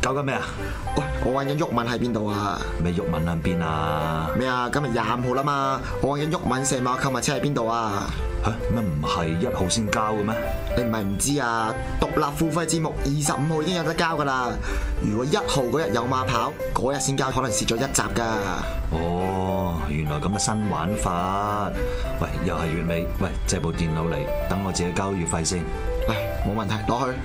搞緊咩啊？喂，我揾緊郁文喺邊度啊？咩郁文喺邊啊？咩啊？今日廿五號啦嘛，我揾緊郁文成碼購物車喺邊度啊？吓咩唔係一號先交嘅咩？你唔係唔知啊？獨立付費節目二十五號已經有得交噶啦。如果一號嗰日有馬跑，嗰日先交，可能蝕咗一集噶。哦，原來咁嘅新玩法。喂，又係月尾。喂，借部電腦嚟，等我自己交月費先。唉，冇問題，攞去。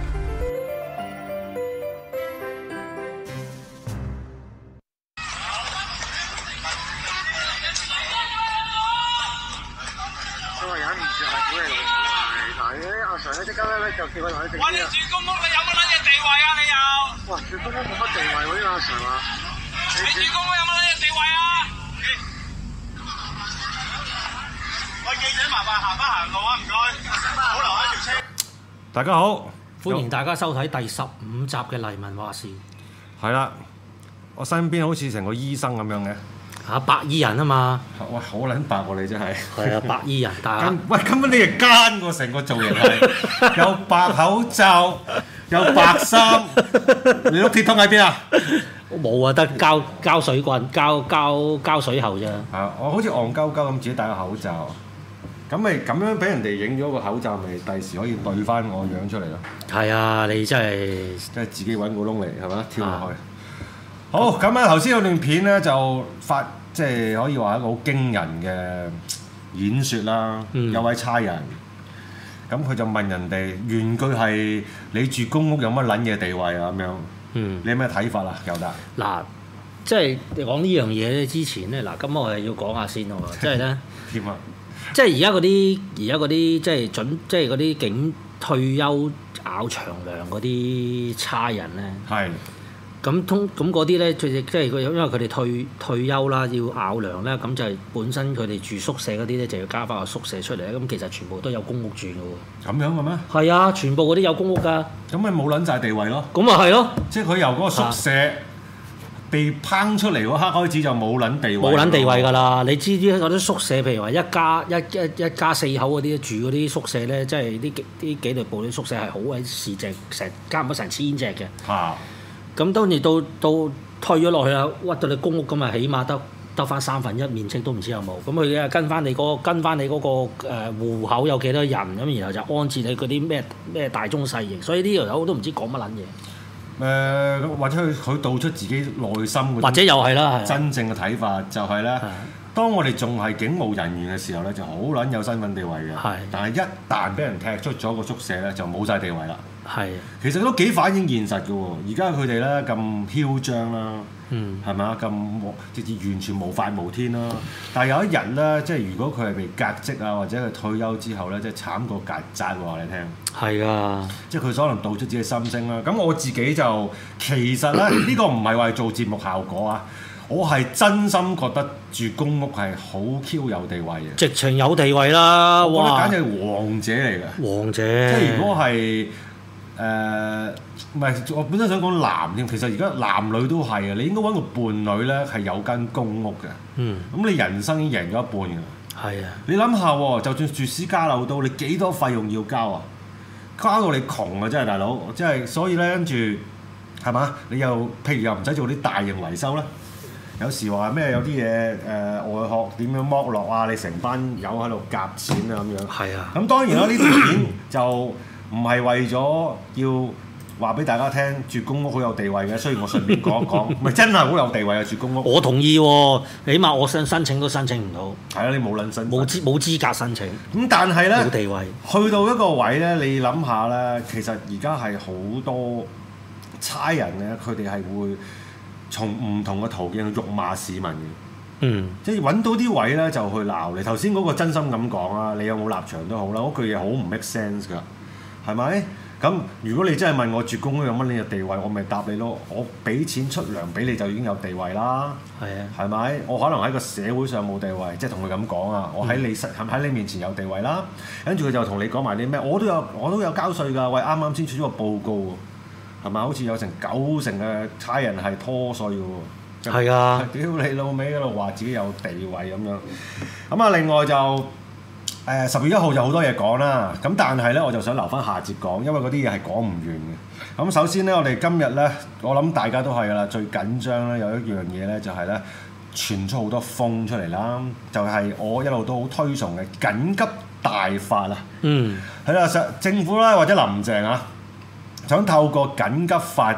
係嘛？你主公有冇呢個地位啊？喂，記者，麻煩行翻行路啊，唔該。大家好，歡迎大家收睇第十五集嘅《黎民話事》。係啦，我身邊好似成個醫生咁樣嘅。吓，白衣人啊嘛。喂，好撚白過，你真係。係啊，白衣人。但係，喂，根本你係奸個成個造型嚟，有白口罩，有白衫，你碌鐵通喺邊啊？冇啊，得膠膠水棍、膠膠膠水喉啫。係啊，我好似憨鳩鳩咁，自己戴個口罩。咁咪咁樣俾人哋影咗個口罩，咪第時可以對翻我樣出嚟咯。係、嗯嗯、啊，你真係真係自己揾個窿嚟，係嘛？跳落去。啊、好，咁啊那，頭先有段片咧就發，即、就、係、是、可以話一個好驚人嘅演説啦。嗯、有位差人，咁佢就問人哋原句係：你住公屋有乜撚嘢地位啊？咁樣。嗯，你有咩睇法 啊？尤達嗱，即係講呢樣嘢咧，之前咧嗱，今咁我又要講下先喎，即係咧點啊？即係而家嗰啲，而家嗰啲即係准，即係嗰啲警退休咬長糧嗰啲差人咧。係。咁通咁嗰啲咧，即係佢因為佢哋退退休啦，要咬糧咧，咁就本身佢哋住宿舍嗰啲咧，就要加翻個宿舍出嚟咧。咁其實全部都有公屋住㗎喎。咁樣嘅咩？係啊，全部嗰啲有公屋㗎。咁咪冇撚晒地位咯？咁啊係咯。即係佢由嗰個宿舍被拋出嚟嗰刻開始，就冇撚地位。冇撚地位㗎啦！你知唔知嗰啲宿舍？譬如話一家一一一家四口嗰啲住嗰啲宿舍咧，即係啲幾啲幾類部啲宿舍係好鬼市值，成加唔到成千隻嘅。啊！咁當然到到退咗落去啦，屈到你公屋咁啊，起碼得得翻三分一面積都唔知有冇。咁佢跟翻你嗰跟翻你嗰個誒戶口有幾多人，咁然後就安置你嗰啲咩咩大中細型。所以呢條友都唔知講乜撚嘢。誒、呃，或者佢佢道出自己內心，或者又係啦，真正嘅睇法就係、是、咧，的當我哋仲係警務人員嘅時候咧，就好撚有身份地位嘅。係的，但係一旦俾人踢出咗個宿舍咧，就冇晒地位啦。係，啊、其實都幾反映現實嘅喎。而家佢哋咧咁囂張啦，係咪啊？咁直接完全無法無天啦。但係有一人咧，即係如果佢係被革職啊，或者佢退休之後咧，即係慘過曱甴喎！你聽係啊，即係佢可能道出自己嘅心聲啦。咁我自己就其實咧，呢、這個唔係話做節目效果啊，咳咳我係真心覺得住公屋係好 Q 有地位嘅，直情有地位啦！哇，我簡直係王者嚟嘅王者。王者即係如果係。誒，唔係、呃、我本身想講男添，其實而家男女都係啊！你應該揾個伴侶咧，係有間公屋嘅。嗯。咁你人生已經贏咗一半㗎啦。係啊。你諗下喎，就算住私家樓到你幾多費用要交啊？交到你窮啊！真係大佬，即係所以咧，跟住係嘛？你又譬如又唔使做啲大型維修啦。有時話咩？有啲嘢誒外殼點樣剝落啊？你成班友喺度夾錢係啊咁樣。係啊。咁當然啦，呢條片就。 唔係為咗要話俾大家聽住公屋好有地位嘅，雖然我順便講一講，唔係 真係好有地位啊！住公屋，我同意喎、哦，起碼我想申請都申請唔到。係啊，你冇論申冇資冇資格申請。咁但係咧，冇地位去到一個位咧，你諗下咧，其實而家係好多差人咧，佢哋係會從唔同嘅途徑去辱罵市民嘅。嗯即，即係揾到啲位咧就去鬧你。頭先嗰個真心咁講啊，你有冇立場都好啦，嗰句嘢好唔 make sense 㗎。係咪？咁如果你真係問我住公屋有乜呢個地位，我咪答你咯。我俾錢出糧俾你就已經有地位啦。係咪是、啊？我可能喺個社會上冇地位，即係同佢咁講啊。我喺你喺、嗯、你面前有地位啦。跟住佢就同你講埋啲咩？我都有我都有交稅㗎。喂，啱啱先出咗個報告喎，係咪？好似有成九成嘅差人係拖稅㗎喎。係是啊。屌你老味喺度話自己有地位咁樣。咁啊，另外就。誒十月一號有好多嘢講啦，咁但係呢，我就想留翻下節講，因為嗰啲嘢係講唔完嘅。咁首先呢，我哋今日呢，我諗大家都係啦，最緊張呢，有一樣嘢呢，就係呢傳出好多風出嚟啦，就係我一路都好推崇嘅緊急大法啦。嗯，係啦，政府啦或者林鄭啊，想透過緊急法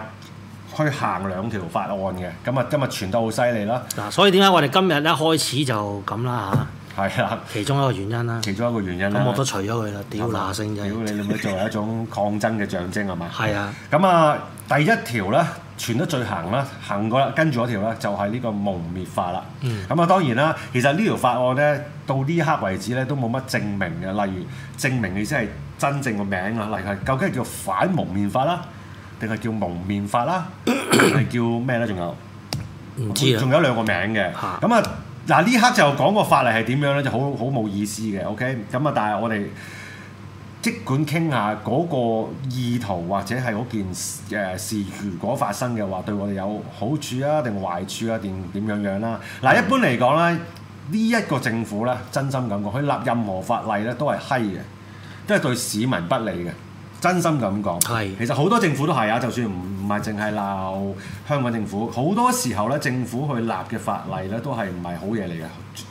去行兩條法案嘅，咁啊今日傳得好犀利啦。嗱，所以點解我哋今日一開始就咁啦嚇？係啦，其中一個原因啦，其中一個原因啦，咁我都除咗佢啦，屌嗱聲，屌你做乜作為一種抗爭嘅象徵係嘛？係啊，咁啊第一條咧，傳得最行啦，行過啦，跟住嗰條咧就係呢個蒙面法啦。嗯。咁啊當然啦，其實呢條法案咧到呢一刻為止咧都冇乜證明嘅，例如證明你先係真正個名啊，例如係究竟係叫反蒙面法啦，定係叫蒙面法啦，係叫咩咧？仲有唔知仲有兩個名嘅，咁啊。嗱，呢刻就講個法例係點樣咧，就好好冇意思嘅，OK？咁啊，但係我哋即管傾下嗰個意圖或者係嗰件誒事，呃、事如果發生嘅話，對我哋有好處啊，定壞處啊，定點樣樣啦？嗱，嗯、一般嚟講咧，呢、這、一個政府咧，真心感覺佢立任何法例咧，都係閪嘅，都係對市民不利嘅。真心咁講，是的 其實好多政府都係啊，就算唔唔係淨係鬧香港政府，好多時候咧，政府去立嘅法例咧，都係唔係好嘢嚟嘅，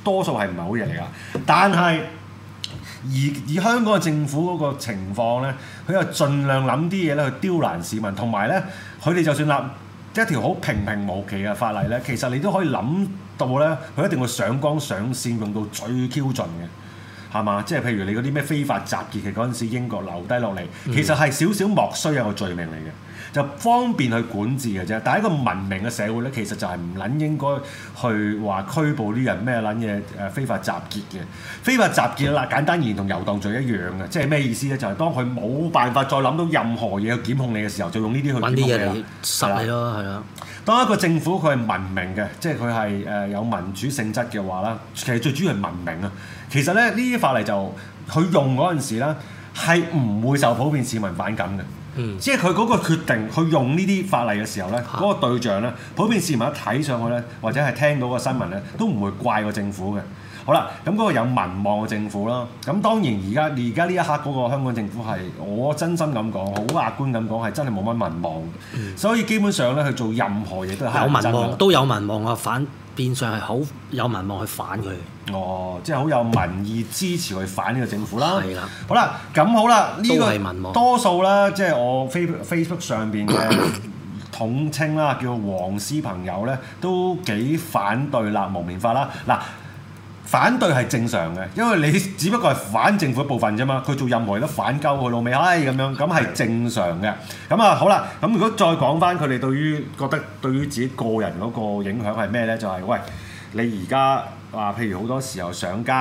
多數係唔係好嘢嚟㗎。但係，而而香港嘅政府嗰個情況咧，佢又盡量諗啲嘢咧去刁難市民，同埋咧，佢哋就算立一條好平平無奇嘅法例咧，其實你都可以諗到咧，佢一定會上綱上線用到最 Q 盡嘅。係嘛？即係譬如你嗰啲咩非法集結，嘅嗰陣時英國留低落嚟，其實係少少莫須有一個罪名嚟嘅。就方便去管治嘅啫，但係一個文明嘅社會咧，其實就係唔撚應該去話拘捕啲人咩撚嘢誒非法集結嘅，非法集結啦，簡單而言，同遊蕩罪一樣嘅，即係咩意思咧？就係、是、當佢冇辦法再諗到任何嘢去檢控你嘅時候，就用呢啲去檢控你啦。實係咯，係啊的。當一個政府佢係文明嘅，即係佢係誒有民主性質嘅話啦，其實最主要係文明啊。其實咧呢啲法例就佢用嗰陣時咧係唔會受普遍市民反感嘅。即係佢嗰個決定去用呢啲法例嘅時候咧，嗰個對象咧，普遍市民一睇上去咧，或者係聽到個新聞咧，都唔會怪個政府嘅。好啦，咁嗰個有民望嘅政府啦，咁當然而家而家呢一刻嗰個香港政府係，我真心咁講，好客觀咁講係真係冇乜民望、嗯、所以基本上咧佢做任何嘢都係有民望，都有民望啊，反變相係好有民望去反佢。哦，即係好有民意支持去反呢個政府啦。係啦的，好啦，咁好啦，呢、這個民望多數啦，即、就、係、是、我 Facebook 上邊嘅統稱啦， 叫做黃絲朋友咧，都幾反對立蒙面法啦。嗱。反對係正常嘅，因為你只不過係反政府一部分啫嘛。佢做任何嘢都反鳩佢老味，唉、哎、咁樣，咁係正常嘅。咁、嗯、啊，好啦，咁如果再講翻佢哋對於覺得對於自己個人嗰個影響係咩呢？就係、是、喂你而家話，譬如好多時候上街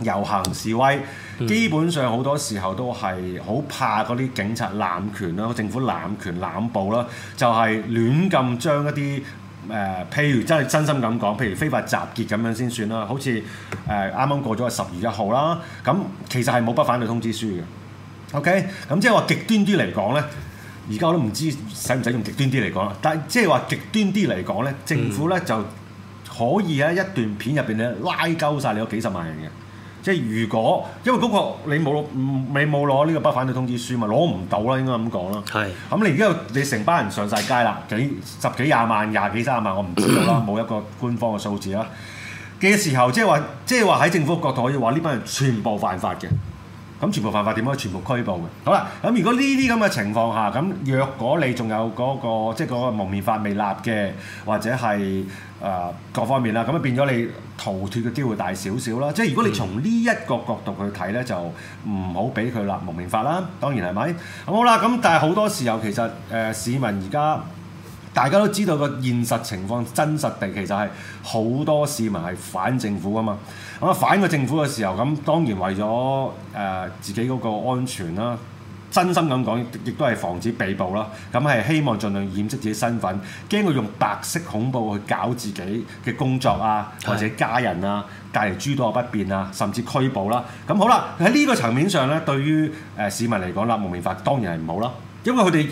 遊行示威，嗯、基本上好多時候都係好怕嗰啲警察濫權啦，政府濫權濫捕啦，就係、是、亂咁將一啲。誒、呃，譬如真係真心咁講，譬如非法集結咁樣先算、呃、啦。好似誒啱啱過咗十月一號啦，咁其實係冇不反對通知書嘅。OK，咁即係話極端啲嚟講咧，而家我都唔知使唔使用極端啲嚟講啦。但係即係話極端啲嚟講咧，政府咧就可以喺一段片入邊咧拉鳩晒你嗰幾十萬人嘅。即係如果，因為嗰個你冇你冇攞呢個不反對通知書嘛，攞唔到啦，應該咁講啦。係是，咁你而家你成班人上晒街啦，幾十幾廿萬、廿幾三十萬，我唔知道啦，冇咳咳一個官方嘅數字啦。嘅時候，即係話，即係話喺政府角度，可以話呢班人全部犯法嘅。咁全部犯法點樣？全部拘捕嘅。好啦，咁如果呢啲咁嘅情況下，咁若果你仲有嗰、嗰個即係嗰個蒙面法未立嘅，或者係誒、呃、各方面啦，咁啊變咗你逃脫嘅機會大少少啦。即係如果你從呢一個角度去睇咧，嗯、就唔好俾佢立蒙面法啦。當然係咪？咁好啦，咁但係好多時候其實誒、呃、市民而家。大家都知道個現實情況，真實地其實係好多市民係反政府噶嘛。咁啊，反個政府嘅時候，咁當然為咗誒、呃、自己嗰個安全啦，真心咁講，亦都係防止被捕啦。咁係希望盡量掩飾自己身份，驚佢用白色恐怖去搞自己嘅工作啊，或者的家人啊，帶嚟諸多不便啊，甚至拘捕啦。咁好啦，喺呢個層面上咧，對於誒市民嚟講啦，蒙面法當然係唔好啦，因為佢哋。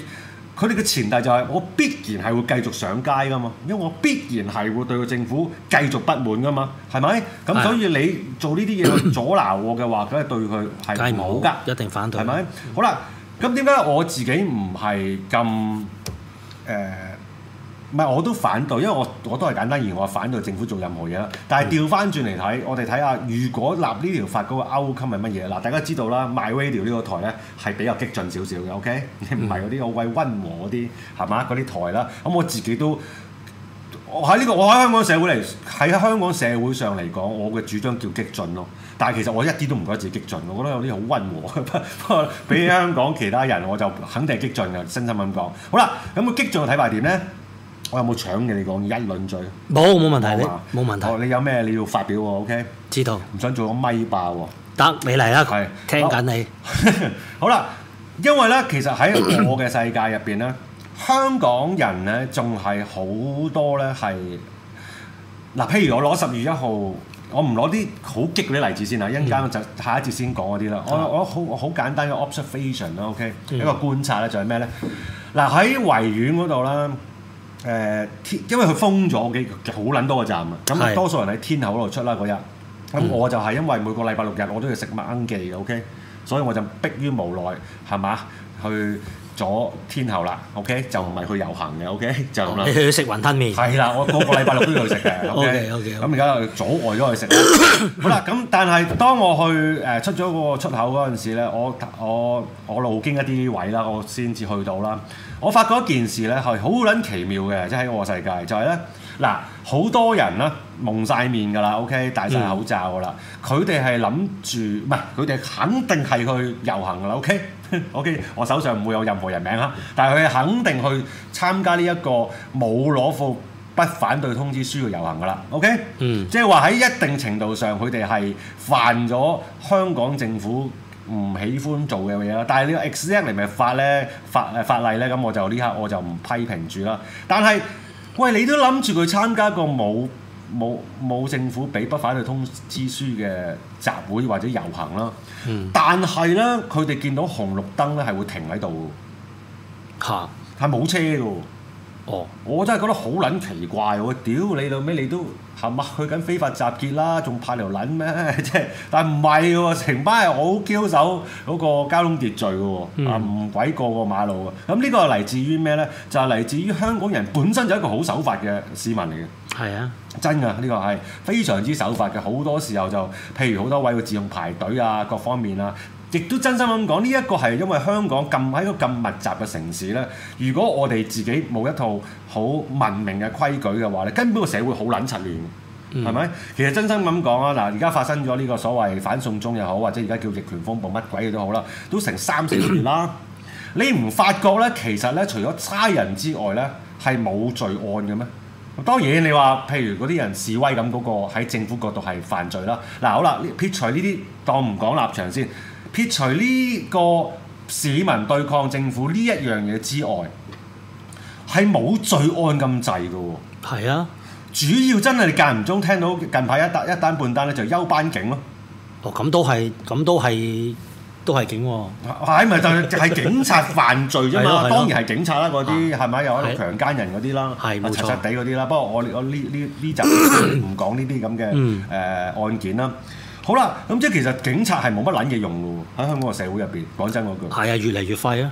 佢哋嘅前提就係、是、我必然係會繼續上街㗎嘛，因為我必然係會對個政府繼續不滿㗎嘛，係咪？咁所以你做呢啲嘢去阻撓我嘅話，梗係 對佢係冇好,好一定反對吧，係咪、嗯？好啦，咁點解我自己唔係咁誒？呃唔係，我都反對，因為我我都係簡單而言，我反對政府做任何嘢啦。但係調翻轉嚟睇，我哋睇下，如果立呢條法嗰個 outcome 係乜嘢？嗱，大家知道啦，MyRadio 呢個台咧係比較激進少少嘅，OK？唔係嗰啲好鬼溫和嗰啲係嘛？嗰啲台啦。咁、嗯、我自己都喺呢、這個我喺香港社會嚟喺香港社會上嚟講，我嘅主張叫激進咯。但係其實我一啲都唔覺得自己激進，我覺得有啲好溫和。 不過比起香港其他人，我就肯定係激進嘅，真心咁講。好啦，咁激進嘅睇法點咧？我有冇搶嘅？你講一輪嘴，冇冇問題，冇問題。你有咩你要發表，OK，知道唔想做個咪霸喎？得你嚟啦，佢聽緊你好啦。因為咧，其實喺我嘅世界入邊咧，香港人咧仲係好多咧，係嗱，譬如我攞十月一號，我唔攞啲好激嗰啲例子先啦。一陣間就下一節先講嗰啲啦。我我好好簡單嘅 observation 啦，OK，一個觀察咧就係咩咧？嗱，喺維園嗰度啦。誒、呃，因為佢封咗幾好撚多個站啊，咁是多數人喺天后度出啦嗰日，咁、嗯、我就係因為每個禮拜六日我都要食麥奀記，OK，所以我就迫於無奈，係嘛，去咗天后啦，OK，就唔係去遊行嘅，OK，就咁啦。你去食雲吞麵？係啦，我個個禮拜六都要去食嘅。OK OK。咁而家阻礙咗去食。好啦，咁但係當我去誒出咗嗰個出口嗰陣時咧，我我我路經一啲位啦，我先至去到啦。我發覺一件事咧係好撚奇妙嘅，即係喺我世界就係咧嗱，好多人啦蒙曬面㗎啦，OK，戴曬口罩㗎啦，佢哋係諗住唔係佢哋肯定係去遊行㗎啦，OK。OK，我手上唔會有任何人名啦，但係佢肯定去參加呢一個冇攞貨不反對通知書嘅遊行噶啦。OK，嗯，即係話喺一定程度上，佢哋係犯咗香港政府唔喜歡做嘅嘢啦。但係呢個 exactly 咪法咧法誒法例咧，咁我就呢刻我就唔批評住啦。但係喂，你都諗住佢參加個冇？冇冇政府俾不反對通知書嘅集會或者遊行啦，嗯、但係咧，佢哋見到紅綠燈咧係會停喺度吓，係冇、啊、車嘅喎。哦，我真係覺得好撚奇怪喎！屌你老味，你，你都係嘛去緊非法集結啦，仲怕條撚咩？即 係但唔係喎，成班係好嬌守嗰個交通秩序嘅喎，嗯、啊唔鬼過個馬路嘅。咁呢個係嚟自於咩咧？就係、是、嚟自於香港人本身就係一個好守法嘅市民嚟嘅、嗯。係啊。真㗎，呢、這個係非常之守法嘅。好多時候就，譬如好多位會自動排隊啊，各方面啊，亦都真心咁講。呢一個係因為香港咁喺個咁密集嘅城市呢，如果我哋自己冇一套好文明嘅規矩嘅話咧，根本個社會好撚七亂，係咪？嗯、其實真心咁講啊，嗱，而家發生咗呢個所謂反送中又好，或者而家叫逆權風暴乜鬼嘅都好啦，都成三四年啦。嗯、你唔發覺呢？其實呢，除咗差人之外呢，係冇罪案嘅咩？當然你，你話譬如嗰啲人示威咁、那個，嗰個喺政府角度係犯罪啦。嗱，好啦，撇除呢啲當唔講立場先，撇除呢個市民對抗政府呢一樣嘢之外，係冇罪案咁滯噶喎。係啊，主要真係你間唔中聽到近排一單一單半單咧，就休班警咯、啊。哦，咁都係，咁都係。都係警喎、哦，係咪就係、是、警察犯罪啫嘛？ 當然係警察啦，嗰啲係咪又喺度強奸人嗰啲啦？係冇的錯，地嗰啲啦。不過我我呢呢呢集唔講呢啲咁嘅誒案件啦。好啦，咁即係其實警察係冇乜撚嘢用嘅喎。喺香港嘅社會入邊，講真嗰句，係啊，越嚟越廢啦。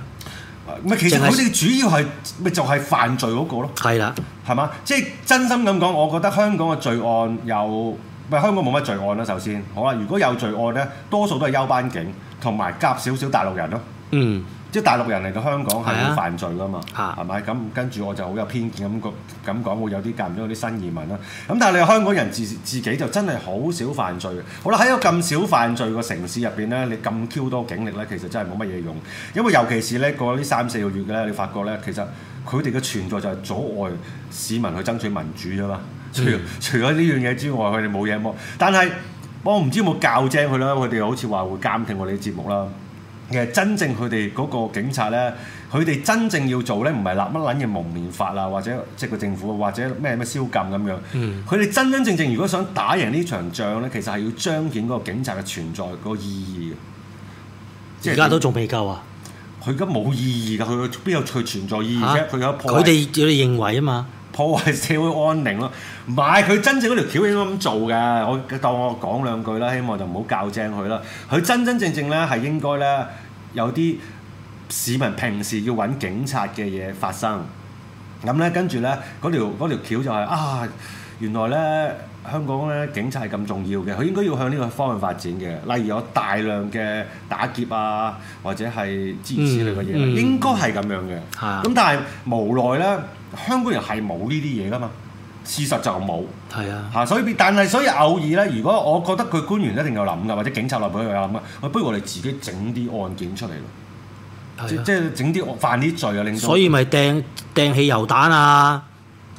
咁其實佢哋主要係咪就係、是、犯罪嗰、那個咯？係啦是，係嘛的？即係真心咁講，我覺得香港嘅罪案有。香港冇乜罪案啦，首先好啦，如果有罪案咧，多數都係休班警同埋夾少少大陸人咯。嗯、即係大陸人嚟到香港係會犯罪㗎嘛，係咪、啊？咁跟住我就好有偏見咁講，咁講會有啲夾唔到啲新移民啦。咁但係你香港人自自己就真係好少犯罪。好啦，喺一個咁少犯罪個城市入邊咧，你咁 Q 多警力咧，其實真係冇乜嘢用。因為尤其是咧過咗呢三四個月嘅咧，你發覺咧，其實佢哋嘅存在就係阻礙市民去爭取民主啫嘛。嗯、除除咗呢樣嘢之外，佢哋冇嘢麼？但係我唔知有冇教精佢啦。佢哋好似話會監聽我哋啲節目啦。其實真正佢哋嗰個警察咧，佢哋真正要做咧，唔係立乜撚嘢蒙面法啊，或者即係個政府或者咩咩宵禁咁樣。佢哋、嗯、真真正正如果想打贏呢場仗咧，其實係要彰顯嗰個警察嘅存在、嗰個意義。而家都仲未夠啊！佢而家冇意義㗎，佢邊有佢存在意義啫？佢、啊、有破佢哋叫你認為啊嘛，破壞社會安寧咯。唔係，佢真正嗰條橋應該咁做嘅。我當我講兩句啦，希望就唔好教正佢啦。佢真真正正咧係應該咧有啲市民平時要揾警察嘅嘢發生。咁咧跟住咧嗰條嗰條橋就係啊，原來咧香港咧警察係咁重要嘅，佢應該要向呢個方向發展嘅。例如有大量嘅打劫啊，或者係之類之類嘅嘢咧，嗯嗯、應該係咁樣嘅。係的。咁但係無奈咧，香港人係冇呢啲嘢噶嘛。事實就冇，係啊，嚇，所以但係所以偶爾咧，如果我覺得佢官員一定有諗㗎，或者警察內部有諗㗎，不如我哋自己整啲案件出嚟咯。係啊，即係整啲犯啲罪啊，令所以咪掟掟汽油彈啊，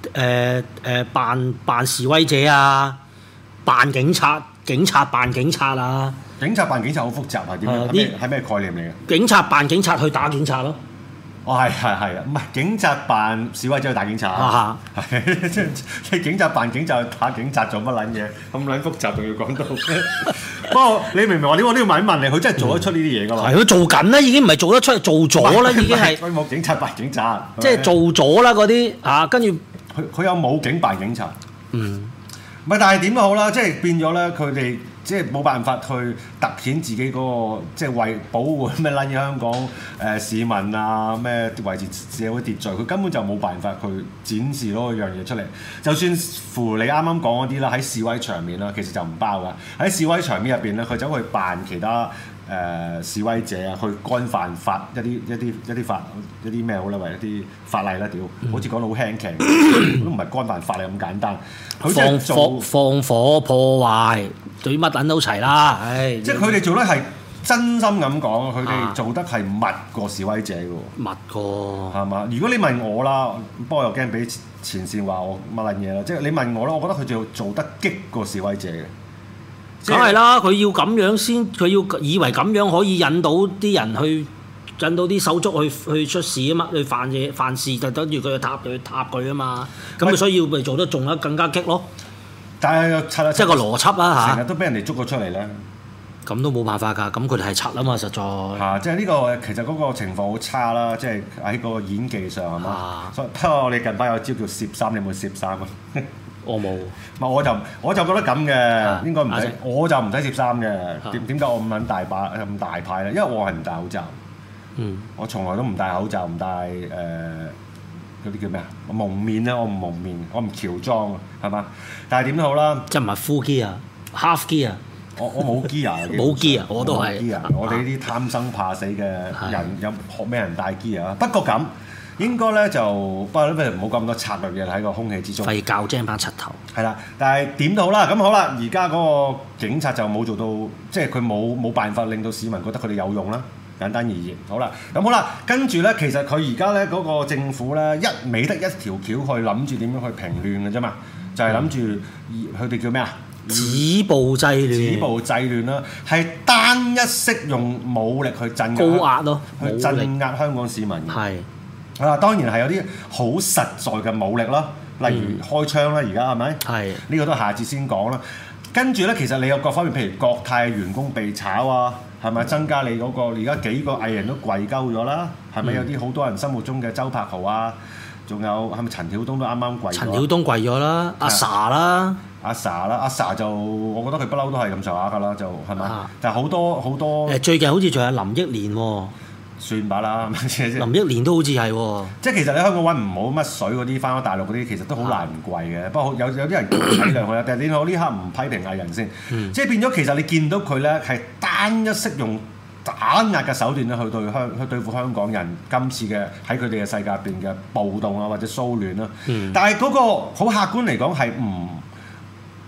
誒、呃、誒、呃，扮扮示威者啊，扮警察，警察扮警察啊，警察扮警察好複雜係點樣？係咩、啊、這概念嚟嘅？警察扮警察去打警察咯。哦，係係係啊，唔係警察扮示威者去打警察，係即係警察扮警察去打警察做乜撚嘢？咁撚複雜，仲要講到， 不過你明唔明我點講都要問一問你？佢真係做得出呢啲嘢噶嘛？係佢、嗯、做緊啦，已經唔係做得出，做咗啦不已經係。佢冇警察扮警察，即係做咗啦嗰啲啊，跟住佢佢有冇警扮警察？嗯，唔係，但係點都好啦，即係變咗咧，佢哋。即係冇辦法去突顯自己嗰、那個，即係為保護咩撚嘢香港誒、呃、市民啊咩維持社會秩序，佢根本就冇辦法去展示嗰個樣嘢出嚟。就算乎你啱啱講嗰啲啦，喺示威場面啦，其實就唔包㗎。喺示威場面入邊咧，佢走去扮其他。誒、呃、示威者啊，去干犯法一啲一啲一啲法一啲咩好咧？為一啲法例啦，屌、嗯，好似講到好輕鬆， 都唔係干犯法例咁簡單。放放放火破壞，對乜撚都齊啦，唉、哎！即係佢哋做得係、嗯、真心咁講，佢哋做得係密過示威者嘅，密過係嘛？如果你問我啦，不過又驚俾前線話我乜撚嘢啦，即係你問我啦，我覺得佢要做得激過示威者嘅。梗係啦，佢要咁樣先，佢要以為咁樣可以引到啲人去，引到啲手足去去出事啊嘛，去犯嘢犯事就等住佢去塌佢塌佢啊嘛。咁但所以要咪做得仲啊更加激咯。但係即係個邏輯啊成日都俾人哋捉咗出嚟咧，咁、啊、都冇辦法㗎。咁佢哋係拆啊嘛，實在嚇、啊。即係呢、呢個其實嗰個情況好差啦，即係喺個演技上啊。不過我哋近排有招叫攝衫，你有冇攝衫啊？ 我冇，唔係我就我就覺得咁嘅，應該唔使，我就唔使接衫嘅。點點解我唔咁大把咁大派咧？因為我係唔戴口罩，嗯，我從來都唔戴口罩，唔戴誒嗰啲叫咩啊？蒙面咧，我唔蒙面，我唔喬裝，係嘛？但係點都好啦，即係唔係 full gear 啊，half gear 啊？我我冇 gear 啊，冇 gear 啊，我都係。我哋呢啲貪生怕死嘅人，有學咩人戴 gear 啊？不過咁。應該咧就不過不如唔好咁多策略嘢喺個空氣之中，費教精班柒頭。係啦，但係點都好啦，咁好啦，而家嗰個警察就冇做到，即係佢冇冇辦法令到市民覺得佢哋有用啦。簡單而言，好啦，咁好啦，跟住咧，其實佢而家咧嗰個政府咧，一味得一條橋去諗住點樣去平亂嘅啫嘛，就係諗住佢哋叫咩啊？止暴制亂，止暴制亂啦，係單一式用武力去鎮壓咯，去，去鎮壓香港市民嘅。係。啊，當然係有啲好實在嘅武力啦，例如開槍啦，而家係咪？係呢是的 個都下次先講啦。跟住呢，其實你有各方面，譬如國泰員工被炒啊，係咪、嗯、增加你嗰、那個？而家幾個藝人都跪鳩咗啦，係咪有啲好多人心目中嘅周柏豪啊？仲有係咪陳曉東都啱啱跪、啊？陳曉東跪咗啦，阿 sa 啦，阿 sa 啦，阿、啊、sa、啊啊啊啊啊啊、就我覺得佢不嬲都係咁上下噶啦，就係咪？但好多好多，多，多最近好似仲有林憶蓮喎。算罷啦， 林憶蓮都好似係喎，即係其實你香港揾唔好乜水，嗰啲翻翻大陸嗰啲，其實都好難攰嘅。不過有有啲人，呢兩句有你好呢刻唔批評藝人先，嗯、即係變咗其實你見到佢咧係單一適用打壓嘅手段去對香去對付香港人今次嘅喺佢哋嘅世界入邊嘅暴動啊或者騷亂啦，嗯、但係嗰個好客觀嚟講係唔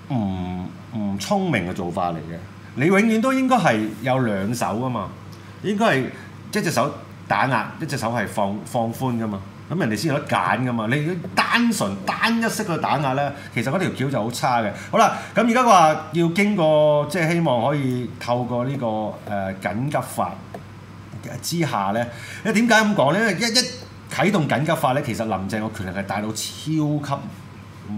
唔唔聰明嘅做法嚟嘅。你永遠都應該係有兩手啊嘛，應該係。.即係一隻手打壓，一隻手係放放寬噶嘛，咁人哋先有得揀噶嘛。你單純單一式去打壓咧，其實嗰條橋就好差嘅。好啦，咁而家話要經過，即係希望可以透過呢個誒緊急法之下咧，誒點解咁講咧？一一啟動緊急法咧，其實林鄭個權力係大到超級。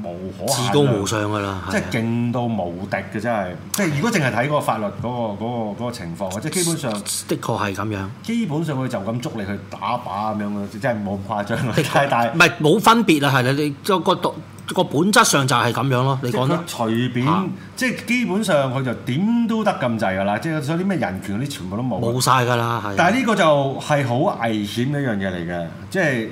無可。至高無上㗎啦，即係勁到無敵嘅真係，即係如果淨係睇嗰個法律嗰、那個嗰、那個那個、情況，即係基本上的確係咁樣。基本上佢就咁捉你去打靶咁樣嘅，即係冇咁誇張啦。太大確，唔係冇分別啦，係你你個個個本質上就係咁樣咯。你講得隨便，啊、即係基本上佢就點都得咁滯㗎啦。即係所啲咩人權啲全部都冇。冇曬㗎啦，係。但係呢個就係好危險嘅一樣嘢嚟嘅，即係。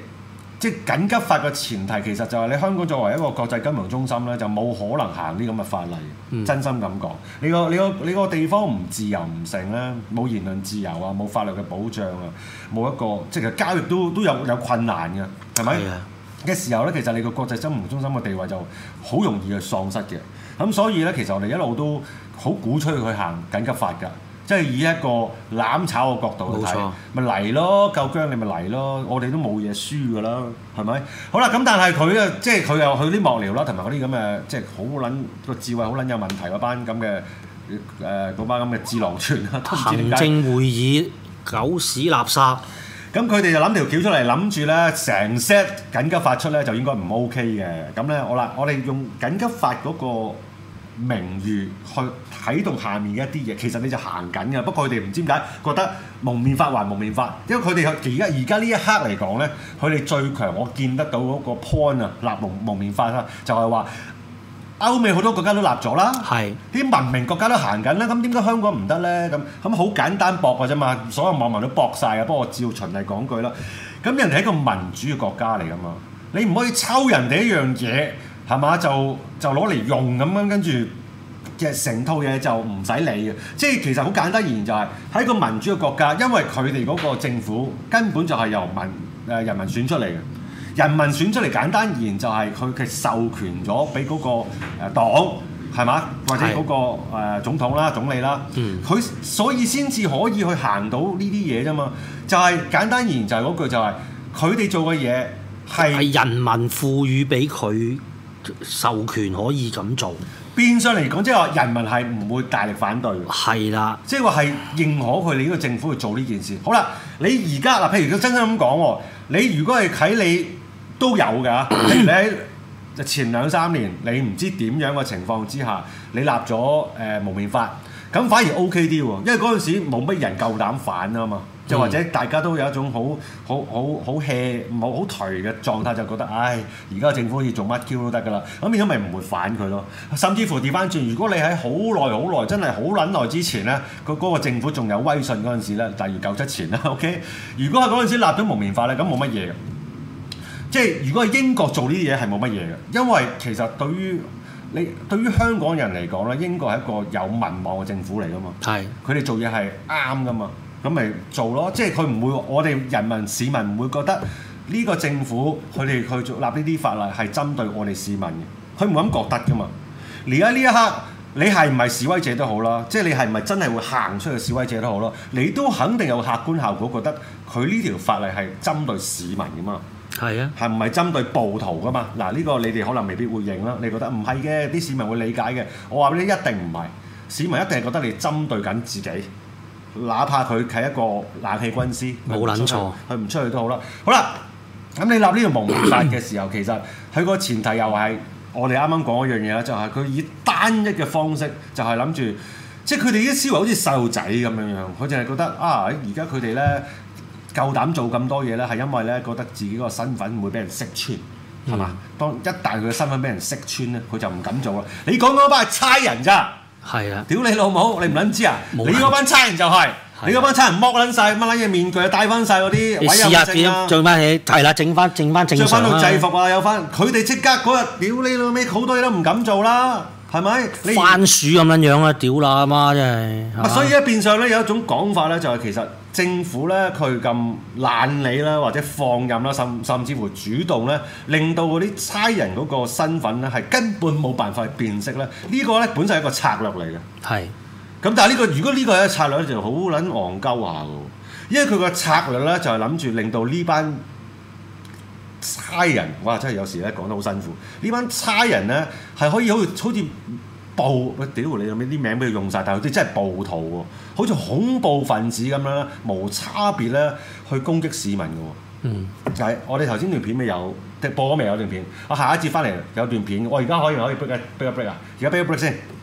即緊急法嘅前提其實就係你香港作為一個國際金融中心咧，就冇可能行呢啲咁嘅法例。嗯、真心咁講，你個你個你個地方唔自由唔成啦，冇言論自由啊，冇法律嘅保障啊，冇一個即係交易都有都有有困難嘅，係咪嘅時候咧？其實你個國際金融中心嘅地位就好容易去喪失嘅。咁所以咧，其實我哋一路都好鼓吹佢行緊急法㗎。即係以一個攬炒嘅角度去睇，咪嚟冇錯、啊、咯，夠薑你咪嚟咯，我哋都冇嘢輸㗎啦，係咪？好啦，咁但係佢啊，即係佢又去啲幕僚啦，同埋嗰啲咁嘅，即係好撚個智慧好撚有問題嗰班咁嘅誒，班咁嘅、呃、智囊團啊，行政會議狗屎垃、垃圾，咁佢哋就諗條橋出嚟，諗住咧成 set 緊急發出咧就應該唔 OK 嘅，咁咧我啦，我哋用緊急發嗰、嗰個。名譽去睇動下面嘅一啲嘢，其實你就行緊嘅，不過佢哋唔知點解覺得蒙面法還蒙面法，因為佢哋而家而家呢一刻嚟講呢，佢哋最強我見得到嗰個 point 啊，立蒙面法啦，就係、是、話歐美好多國家都立咗啦，啲是文明國家都行緊啦，咁點解香港唔得呢？咁咁好簡單駁嘅啫嘛，所有網民都駁晒嘅，不過我照循例講句啦，咁人哋係一個民主嘅國家嚟㗎嘛，你唔可以抽人哋一樣嘢。係嘛？就就攞嚟用咁樣，跟住其實成套嘢就唔使理嘅。即係其實好簡單而言就係、是、喺個民主嘅國家，因為佢哋嗰個政府根本就係由民誒人民選出嚟嘅。人民選出嚟，出簡單而言就係佢嘅授權咗俾嗰個誒黨係嘛，或者嗰、嗰個誒是的、呃、總統啦、總理啦，佢、嗯、所以先至可以去行到呢啲嘢啫嘛。就係、是、簡單而言、就是，就係嗰句就係佢哋做嘅嘢係人民賦予俾佢。授權可以咁做，變相嚟講，即係話人民係唔會大力反對，係啦的，即係話係認可佢哋呢個政府去做呢件事。好啦，你而家嗱，譬如佢真真咁講喎，你如果係喺你都有㗎， 譬如你喺就前兩三年，你唔知點樣嘅情況之下，你立咗誒、呃、蒙面法，咁反而 OK 啲喎，因為嗰陣時冇乜人夠膽反啊嘛。就、嗯、或者大家都有一種好好好好 h e 好頹嘅狀態，就覺得唉，而家政府要做乜 Q 都得噶啦，咁變咗咪唔會反佢咯。甚至乎調翻轉，如果你喺好耐好耐，真係好撚耐之前呢，佢、那、嗰個政府仲有威信嗰陣時咧，第二九七前啦。OK，如果喺嗰陣時立咗蒙面法呢，咁冇乜嘢。即係如果係英國做呢啲嘢係冇乜嘢嘅，因為其實對於你對於香港人嚟講呢，英國係一個有民望嘅政府嚟噶嘛，佢哋是 做嘢係啱噶嘛。咁咪做咯，即係佢唔會，我哋人民市民唔會覺得呢個政府佢哋去立呢啲法例係針對我哋市民嘅，佢唔會咁覺得噶嘛。而家呢一刻，你係唔係示威者都好啦，即係你係唔係真係會行出去示威者都好咯，你都肯定有客觀效果覺得佢呢條法例係針對市民噶嘛。係啊的，係唔係針對暴徒噶嘛？嗱，呢個你哋可能未必會認啦，你覺得唔係嘅，啲市民會理解嘅。我話畀你一定唔係，市民一定係覺得你針對緊自己。哪怕佢係一個冷氣軍師，冇諗錯，佢唔出去都好啦。好啦，咁你立呢個蒙面法嘅時候， 其實佢個前提又係我哋啱啱講一樣嘢啦，就係、是、佢以單一嘅方式，就係諗住，即係佢哋啲思維好似細路仔咁樣樣，佢淨係覺得啊，而家佢哋咧夠膽做咁多嘢咧，係因為咧覺得自己個身份會俾人識穿，係嘛、嗯？當一旦佢嘅身份俾人識穿咧，佢就唔敢做啦。你講嗰班係差人咋？係啊，是啊，啊！屌你老母，你唔撚知啊？你嗰班差人就係，你嗰班差人剝撚曬，乜撚嘢面具戴翻曬嗰啲委任證啊，整翻起係啦，整翻整翻正常啦。著翻套制服啊，有翻。佢哋即刻嗰日屌你老味，好多嘢都唔敢做啦。係咪你番薯咁樣樣啊？屌啦阿媽真係！所以咧變相咧有一種講法咧，就係、是、其實政府咧佢咁懶理啦，或者放任啦，甚甚至乎主動咧，令到嗰啲差人嗰個身份咧係根本冇辦法辨識咧。這個、呢個咧本就係一個策略嚟嘅。係是。咁但係、這、呢個如果呢個係一個策略咧，就好撚戇鳩下嘅。因為佢個策略咧就係諗住令到呢班差人，哇！真係有時咧講得好辛苦。呢班差人咧係可以好似好似暴，屌你有冇啲名俾佢用晒，但係佢哋真係暴徒喎，好似恐怖分子咁樣，無差別咧去攻擊市民㗎。嗯，係。我哋頭先段片咪有，即播咗未？有段片。我下一節翻嚟有段片。我而家可以可以畀個 break 啊！而家畀個 break 先。